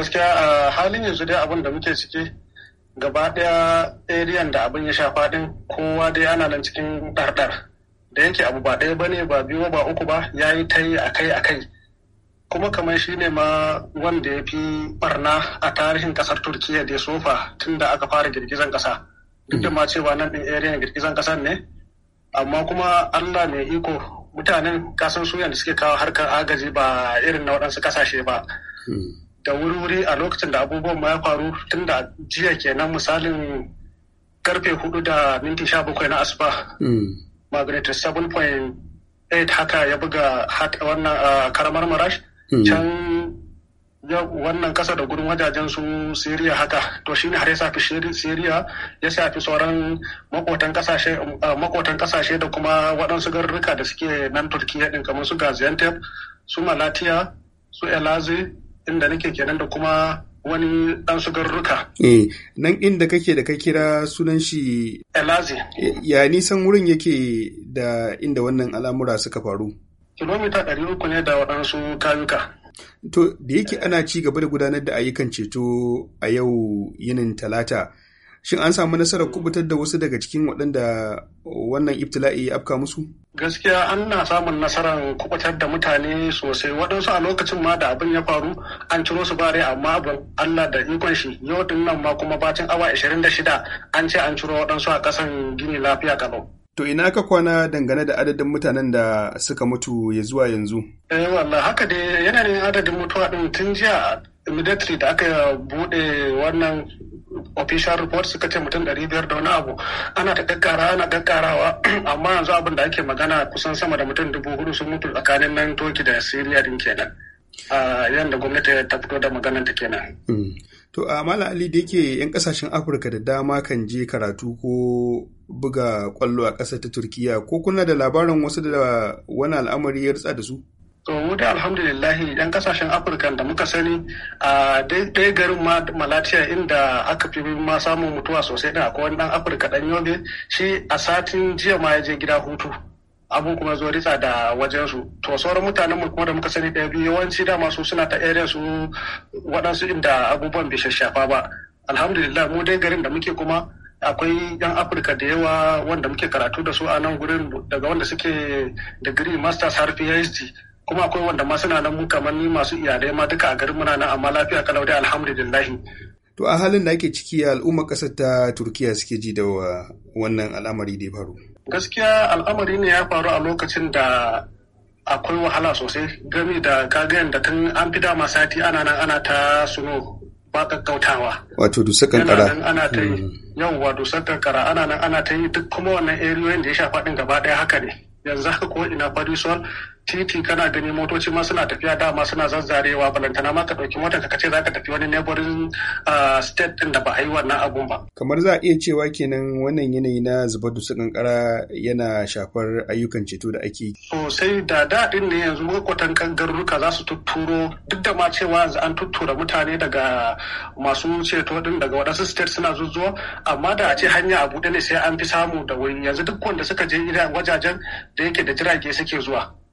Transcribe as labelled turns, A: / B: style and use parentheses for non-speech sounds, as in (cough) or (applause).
A: gaskiya a halin yanzu dai abin da muke ciki gaba daya eriyan da abin ya sha din kowa dai ana nan cikin ɗarɗar da yake abu ba ɗaya bane ba biyu ba uku ba ya yi ta yi akai akai kuma kamar shi ne ma wanda ya fi barna a tarihin kasar turkiya da sofa tun da aka fara girgizan kasa duk da ma cewa nan din eriyan girgizan kasar ne amma kuma allah mai iko mutanen kasan suya da suke kawo harkar agaji ba irin na waɗansu ƙasashe ba. Hmm. da wuri-wuri a lokacin da abubuwan ma ya faru tun da jiya kenan misalin karfe hudu da minti sha na asuba. Mm. Magnetic 7.8 haka ya buga wannan karamar marash. Mm. Can wannan kasa da gudun wajajen su Siriya haka to shine har ya safi Siriya ya safi sauran makotan kasashe da kuma waɗansu garuruka da suke nan Turkiya din kamar su Gaziantep su malatiya su Elazi. inda nake kenan da kuma wani dan su garruka.
B: Eh, nan inda kake da ka kira sunan shi Elaze. Eh, ya nisan wurin yake da inda wannan al'amura suka faru?
A: Kilomita ɗari uku ne da waɗansu kayuka.
B: To, da yake ana ci gaba da gudanar da ayyukan ceto a yau yinin talata, shin an samu nasarar kubutar da wasu daga cikin waɗanda wannan ibtila'i ya afka musu?
A: gaskiya ana samun nasarar kubutar da mutane sosai waɗansu a lokacin ma da abin ya faru an ciro su bare amma abin allah da ikon shi yau din nan ma kuma bacin awa 26 an ce an ciro waɗansu a ƙasan gini lafiya kano
B: To ina ka kwana dangane da adadin mutanen da suka mutu ya zuwa yanzu?
A: Eh walla haka dai yanayin adadin mutuwa din tun jiya military da aka bude wannan official report suka ce mutum ɗari biyar da wani abu ana ta gaggara ana kakkarawa (clears throat) amma yanzu abin da ake magana kusan sama da mutum dubu sun mutu tsakanin nan toki da siriya din kenan yadda gwamnati ta fito da maganar ta kenan.
B: Mm. To a Mala Ali da yake 'yan kasashen Afirka da dama kan je karatu ko buga kwallo a ƙasar ta Turkiya ko kuna da labarin wasu da wani al'amari ya ritsa da su?
A: to mu dai alhamdulillahi yan kasashen afirka da muka sani a dai garin malatiya inda aka fi ma samun mutuwa sosai din akwai dan afirka dan yobe shi a satin jiya ma ya je gida hutu abun kuma zo ritsa da wajen su to sauran mutanen mu kuma da muka sani ɗaya biyu yawanci dama su suna ta area su waɗansu inda abubuwan bai shashafa ba alhamdulillah mu dai garin da muke kuma akwai yan afirka da yawa wanda muke karatu da su a nan gurin daga wanda suke digiri masters har phd kuma akwai wanda ma suna nan kamar ni masu iyalai ma duka a garin muna nan amma lafiya kalau dai alhamdulillahi
B: to a halin da ake ciki al'umma kasar ta turkiya suke ji da wannan al'amari da ya faru
A: gaskiya al'amari ne ya faru a lokacin da akwai wahala sosai game da gagayen da tun an fi dama sati ana nan ana ta suno ba kakkautawa.
B: Wato dusar kankara. Ana ta yi hmm.
A: yawwa dusar kankara ana nan ana ta yi duk kuma wannan eriyoyin da ya shafa din gaba ɗaya haka ne. Yanzu haka ko ina Fadisol titi kana gani motoci ma suna tafiya dama suna zazzarewa balantana ma ka ɗauki mota ka ce za ka tafi wani neighboring ah, state ɗin da ba a yi wannan abun ba.
B: Kamar za a iya cewa kenan wannan yanayi na zubar dusu kankara yana shafar ayyukan ceto da ake yi.
A: Sosai da daɗin ne yanzu makwatan kan garuruka za su tutturo duk da ma cewa yanzu an tuttura mutane daga masu ceto din daga waɗansu state suna zuzuwa amma da a ce hanya a buɗe ne sai an fi samu da wuri yanzu duk wanda suka je wajajen da yake da jirage suke zuwa.